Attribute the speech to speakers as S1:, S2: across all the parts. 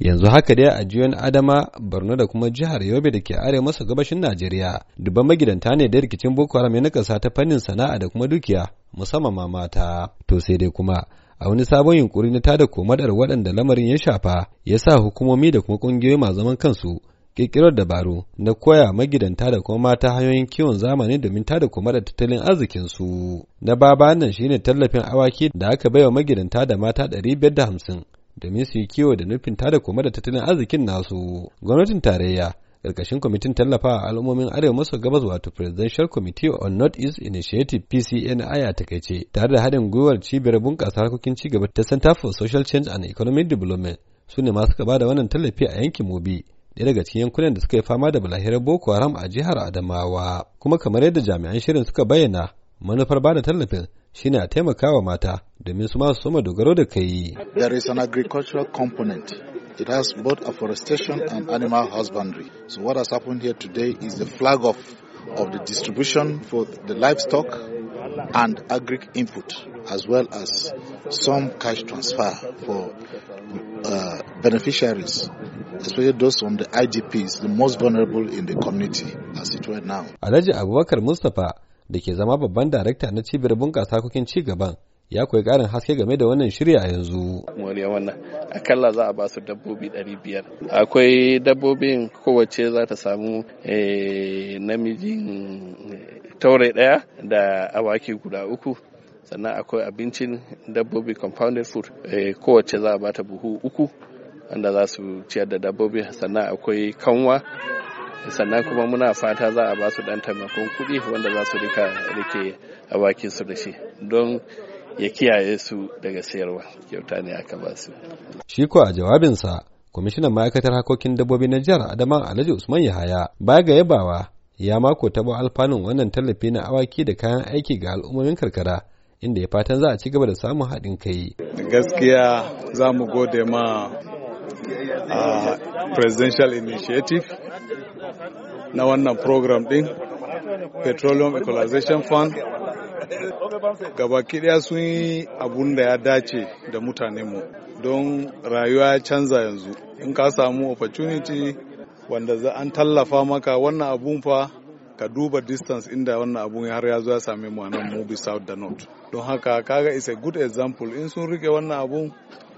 S1: yanzu haka dai a juyan adama borno da kuma jihar yobe da ke arewa masa gabashin najeriya dubban magidanta ne da rikicin boko haram ya nakasa ta fannin sana'a da kuma dukiya musamman ma mata to sai dai kuma a wani sabon yunkuri na tada komadar waɗanda lamarin ya shafa ya sa hukumomi da kuma ƙungiyoyi masu zaman kansu Ƙirƙirar dabaru na koya magidanta da kuma mata hanyoyin kiwon zamani domin tada komadar da tattalin arzikinsu. Na baba nan shine tallafin awaki da aka baiwa magidanta da mata ɗari biyar da hamsin. domin su yi kiwo da nufin tada koma da tattalin arzikin nasu gwamnatin tarayya karkashin kwamitin tallafa a al'ummomin arewa maso gabas wato presidential committee on north east initiative pcni a takaice tare da haɗin gwiwar cibiyar bunƙasa harkokin cigaba ta center for social change and economic development su ne masu gaba da wannan tallafi a yankin mobi ɗaya daga cikin yankunan da suka yi fama da balahirar boko haram a jihar adamawa kuma kamar yadda jami'an shirin suka bayyana manufar bada tallafin shine a taimakawa mata domin su masu soma dogaro da kai.
S2: There is an agricultural component It has both afforestation and animal husbandry. So what has happened here today is the flag off of the distribution for the livestock and agri input as well as some cash transfer for uh, beneficiaries, especially those from the IGPs, the most vulnerable in the community as it were
S1: now. Alhaji Abubakar Mustapha da ke zama babban darakta na cibiyar bunƙasa harkokin ci gaban ya koyi ƙarin haske game da wannan shirya yanzu. Moriya wannan akalla za a ba su dabbobi ɗari biyar. Akwai dabbobin kowace za ta samu eh, namijin eh, taurai ɗaya da awaki guda uku. Sannan akwai abincin dabbobi compounded food eh, kowace za a ba ta buhu uku wanda za su ciyar da dabbobi sannan akwai kanwa sannan kuma muna fata za a ba su dan taimakon kuɗi wanda za su rika rike bakin su da shi don ya kiyaye su daga sayarwa kyauta ne aka ba su shi ko a jawabinsa kwamishinan ma'aikatar harkokin dabbobi na jihar adama alhaji usman yahaya baya ga yabawa ya mako tabo alfanun wannan tallafi na awaki da kayan aiki ga al'ummomin karkara inda ya fatan za a ci gaba da samun haɗin kai
S2: gaskiya za mu gode ma uh, presidential initiative na wannan program din petroleum equalization fund Gaba daya sun yi abun da ya dace da mu don rayuwa ya canza yanzu in ka samu opportunity wanda za an tallafa maka wannan abun fa ka duba distance inda wannan abun har ya zo ya same mu a nan mu bi south da north don haka kaga is a good example in sun rike wannan abun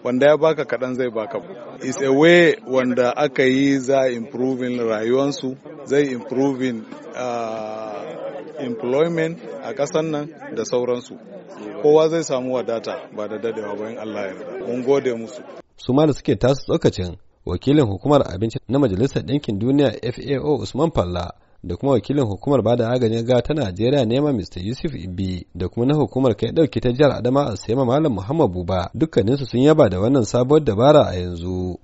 S2: wanda ya baka kaɗan zai baka is a way wanda aka yi za improving rayuwansu zai improving uh, employment a ƙasan nan da sauransu kowa zai samu wadata ba da dadewa bayan Allah ya mun gode musu
S1: su ma da suke tasu tsokacin wakilin hukumar abinci na majalisar ɗinkin duniya FAO Usman Falla da kuma wakilin hukumar bada agajin ga ta Najeriya nema Mr. Yusuf Ibi da kuma na hukumar kai dauki ta jihar Adama a sayama Malam Muhammad Buba dukkaninsu sun yaba da wannan sabuwar dabara a yanzu.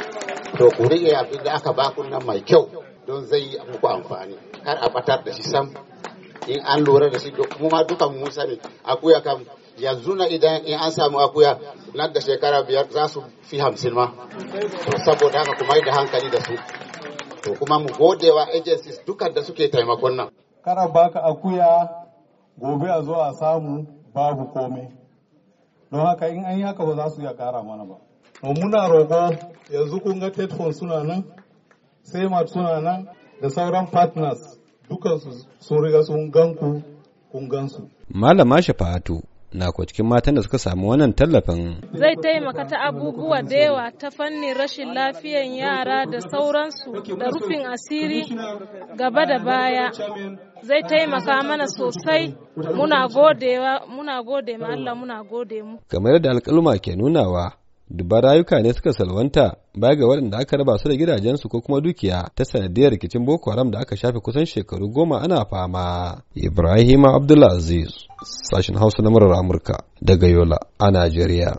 S2: To ku ya abin da aka ku nan mai kyau don zai yi muku amfani kar a batar da shi sam in an lura da shi kuma ma dukan mu sani akuya kam yanzu na idan in an samu akuya nan da shekara biyar za su fi hamsin ma saboda haka kuma yi da hankali da su to kuma mu gode wa agencies dukkan da suke taimakon nan kana baka akuya gobe a zo a samu babu komai don haka in an yi haka ba za su iya kara mana ba muna roƙo yanzu kun ga tetfon suna nan semat suna nan da sauran partners dukansu sun riga sun ganku kun gansu
S1: malama shafa'atu na cikin matan da suka samu wannan tallafin.
S2: Zai taimaka ta abubuwa da yawa ta fannin rashin lafiyan yara da sauransu da rufin asiri gaba da baya. Zai taimaka mana sosai muna godewa muna gode ma Allah muna gode
S1: mu. Kamar da alƙaluma ke nunawa dubban rayuka ne suka salwanta baya ga waɗanda aka raba su da gidajensu ko kuma dukiya ta sanadiyar rikicin boko haram da aka shafe kusan shekaru goma ana fama ibrahima abdulaziz sashen hausa na murar amurka daga yola a najeriya